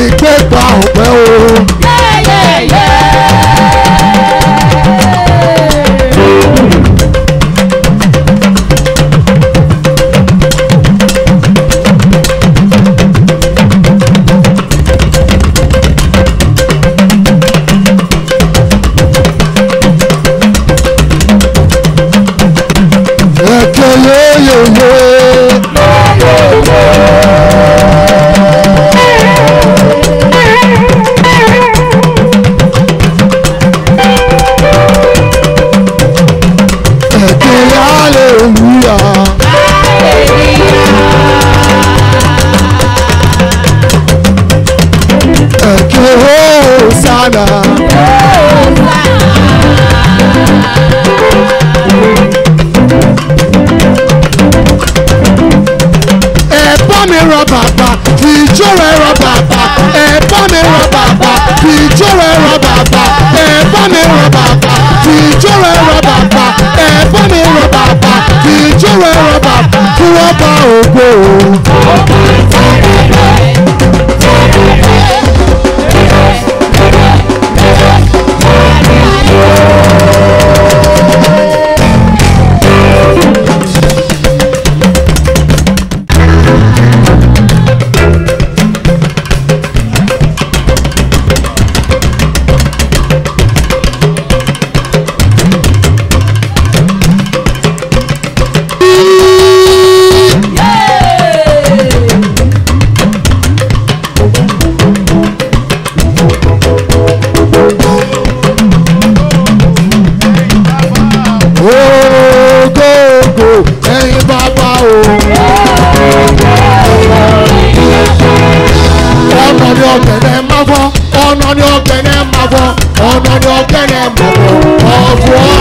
mi gbé pa ọ̀pẹ o. Yeah, yeah, yeah. kí ó sànà. ẹ bá mi rọ bàbá ìjó rẹ rọ bàbá ẹ bá mi rọ bàbá ìjó rẹ rọ bàbá ẹ bá mi rọ bàbá ìjó rẹ rọ bàbá ẹ bá mi rọ bàbá ìjó rẹ rọ bàbá kí wọ́n bá ògo. ọ̀gẹ̀dẹ̀ màbọ̀ ọ̀nà ni ọ̀gẹ̀dẹ̀ màbọ̀ ọ̀fọ̀.